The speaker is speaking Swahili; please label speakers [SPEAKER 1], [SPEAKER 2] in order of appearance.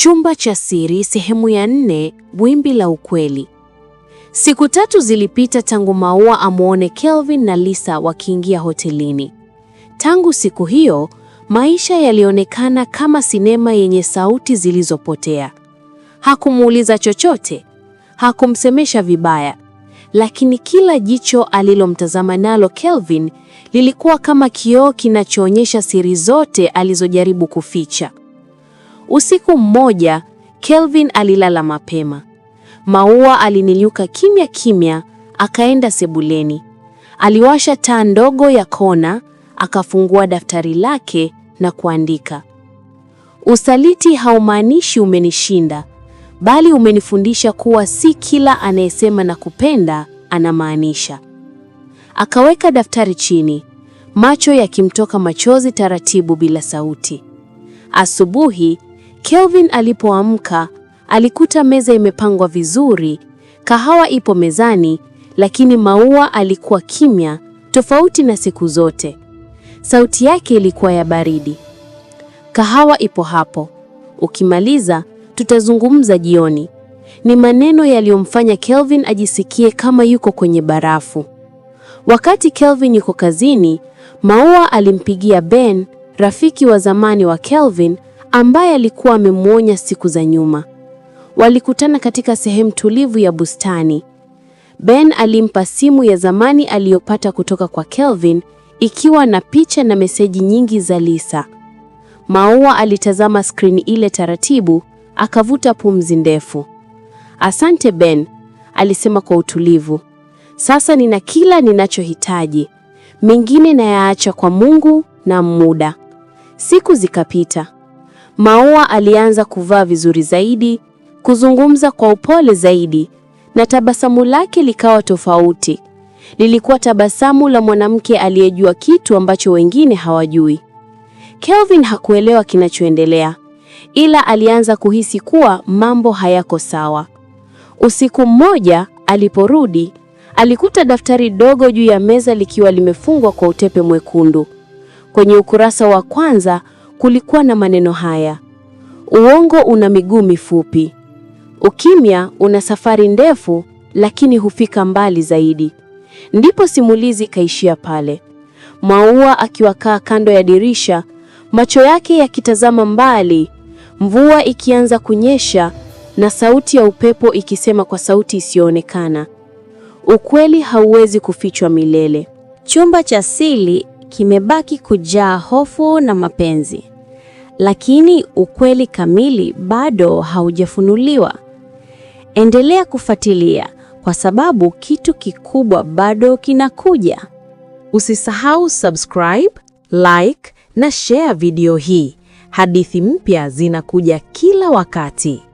[SPEAKER 1] Chumba cha siri, sehemu ya nne: wimbi la ukweli. Siku tatu zilipita tangu Maua amwone Kelvin na Lisa wakiingia hotelini. Tangu siku hiyo, maisha yalionekana kama sinema yenye sauti zilizopotea. Hakumuuliza chochote, hakumsemesha vibaya, lakini kila jicho alilomtazama nalo Kelvin lilikuwa kama kioo kinachoonyesha siri zote alizojaribu kuficha. Usiku mmoja Kelvin alilala mapema. Maua alininyuka kimya kimya, akaenda sebuleni. Aliwasha taa ndogo ya kona, akafungua daftari lake na kuandika. Usaliti haumaanishi umenishinda, bali umenifundisha kuwa si kila anayesema na kupenda anamaanisha. Akaweka daftari chini, macho yakimtoka machozi taratibu, bila sauti. Asubuhi Kelvin alipoamka alikuta meza imepangwa vizuri, kahawa ipo mezani, lakini Maua alikuwa kimya, tofauti na siku zote. Sauti yake ilikuwa ya baridi. Kahawa ipo hapo, ukimaliza tutazungumza jioni. Ni maneno yaliyomfanya Kelvin ajisikie kama yuko kwenye barafu. Wakati Kelvin yuko kazini, Maua alimpigia Ben, rafiki wa zamani wa Kelvin, ambaye alikuwa amemwonya siku za nyuma. Walikutana katika sehemu tulivu ya bustani. Ben alimpa simu ya zamani aliyopata kutoka kwa Kelvin ikiwa na picha na meseji nyingi za Lisa. Maua alitazama skrini ile taratibu, akavuta pumzi ndefu. Asante Ben, alisema kwa utulivu. Sasa nina kila ninachohitaji, mengine nayaacha kwa Mungu na muda. Siku zikapita. Maua alianza kuvaa vizuri zaidi, kuzungumza kwa upole zaidi, na tabasamu lake likawa tofauti. Lilikuwa tabasamu la mwanamke aliyejua kitu ambacho wengine hawajui. Kelvin hakuelewa kinachoendelea, ila alianza kuhisi kuwa mambo hayako sawa. Usiku mmoja aliporudi, alikuta daftari dogo juu ya meza likiwa limefungwa kwa utepe mwekundu. Kwenye ukurasa wa kwanza kulikuwa na maneno haya: uongo una miguu mifupi, ukimya una safari ndefu, lakini hufika mbali zaidi. Ndipo simulizi kaishia pale, Maua akiwakaa kando ya dirisha, macho yake yakitazama mbali, mvua ikianza kunyesha na sauti ya upepo ikisema kwa sauti isiyoonekana, ukweli hauwezi kufichwa milele.
[SPEAKER 2] Chumba cha sili kimebaki kujaa hofu na mapenzi lakini ukweli kamili bado haujafunuliwa. Endelea kufuatilia kwa sababu kitu kikubwa bado kinakuja.
[SPEAKER 3] Usisahau subscribe, like na share video hii. Hadithi mpya zinakuja kila wakati.